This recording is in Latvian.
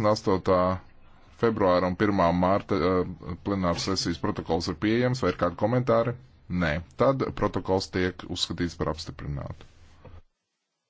8. februāra un 1. mārta eh, plenāras sesijas protokols ir pieejams, vai ir kādi komentāri? Nē. Tad protokols tiek uzskatīts par apstiprinātu.